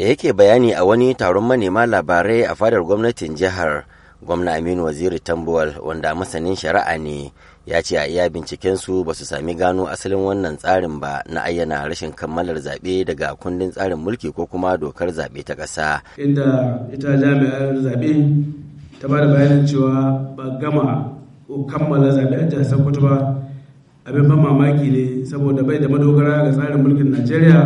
da yake bayani a wani taron manema labarai a fadar gwamnatin jihar gwamna aminu waziri tambuwal wanda masanin shari'a ne ya ce a iya bincikensu ba su sami gano asalin wannan tsarin ba na ayyana rashin kammalar zaɓe daga kundin tsarin mulki ko kuma dokar zaɓe ta ƙasa inda ita jami'ar zaɓe ta ba da bayanin cewa ba gama ko kammala zaɓe a jihar sokoto ba abin ban mamaki ne saboda bai da madogara ga tsarin mulkin najeriya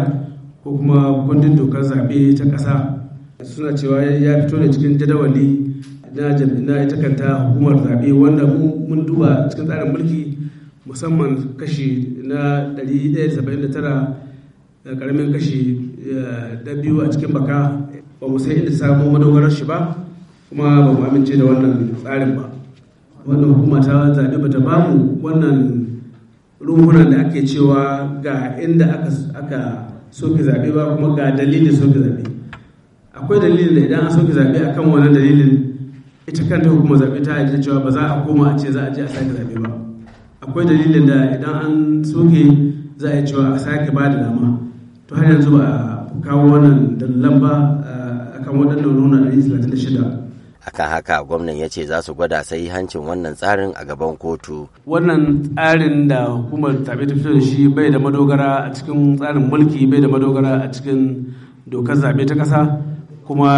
ko kuma kundin dokar zaɓe ta ƙasa suna cewa ya fito da cikin jadawali na jami'a ita kanta hukumar zaɓe wanda mun duba cikin tsarin mulki musamman kashi na 179 da karamin kashi da eh, biyu a cikin baka ba mu sai inda samun madogarar shi ba kuma ba mu amince da wannan tsarin ba wannan hukuma ta zaɓe ba ta ba mu wannan rumfunan da ake cewa ga inda aka soke zaɓe ba kuma ga dalilin soke zaɓe akwai dalilin da idan an soke zaɓe a kan wannan dalilin ita kanta hukumar zaɓe ta yi cewa ba za a koma a ce za a je a sake zaɓe ba akwai dalilin da idan an soke za a yi cewa a sake ba da dama to har yanzu ba a kawo wannan dalilan ba a kan waɗannan nuna 136 akan haka gwamnan ya ce za su gwada sai hancin wannan tsarin a gaban kotu wannan tsarin da hukumar zaɓe ta fito da shi bai da madogara a cikin tsarin mulki bai da madogara a cikin dokar zaɓe ta ƙasa kuma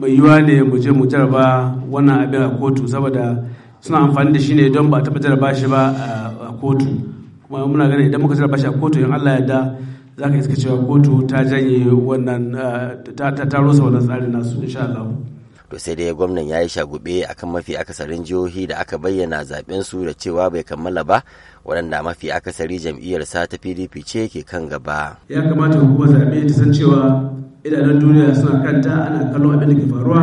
mai yiwa ne mu je mu jarraba wannan abin a kotu saboda suna amfani da shi ne don ba taɓa jaraba shi ba a kotu kuma muna ganin idan muka jarraba shi a kotu in Allah yarda za ka iska cewa kotu ta janye wannan ta rusa wannan tsarin nasu insha Allah to sai dai gwamnan ya yi shagube kan mafi akasarin jihohi da aka bayyana zaben su da cewa bai kammala ba waɗanda mafi akasari jam'iyyar sa ta pdp ce ke kan gaba ya kamata hukumar zaɓe ta san cewa idanun duniya suna kanta ana kallon abin da ke faruwa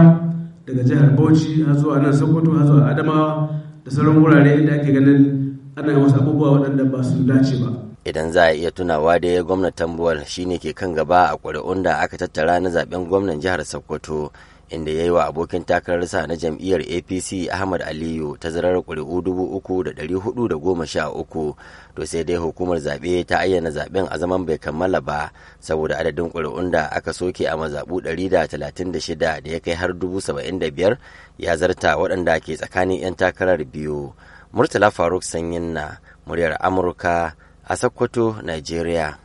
daga jihar bauchi har zuwa nan sokoto har zuwa adamawa da sauran wurare inda ake ganin ana wasu abubuwa waɗanda ba su dace ba idan za a iya tunawa da gwamnatin buwal shine ke kan gaba a ƙuri'un da aka tattara na zaben gwamnan jihar sokoto inda ya yi wa abokin takararsa na jam'iyyar apc ahmad aliyu tazarar ƙuri'u uku, to sai dai hukumar zaɓe ta ayyana zaɓen a zaman bai kammala ba saboda adadin kuri'un da aka soke a mazaɓu ɗari da talatin da da shida ya kai har dubu saba'in da biyar, ya zarta waɗanda ke tsakanin 'yan takarar biyu murtala faruk sanyin na muryar amurka a sokoto nigeria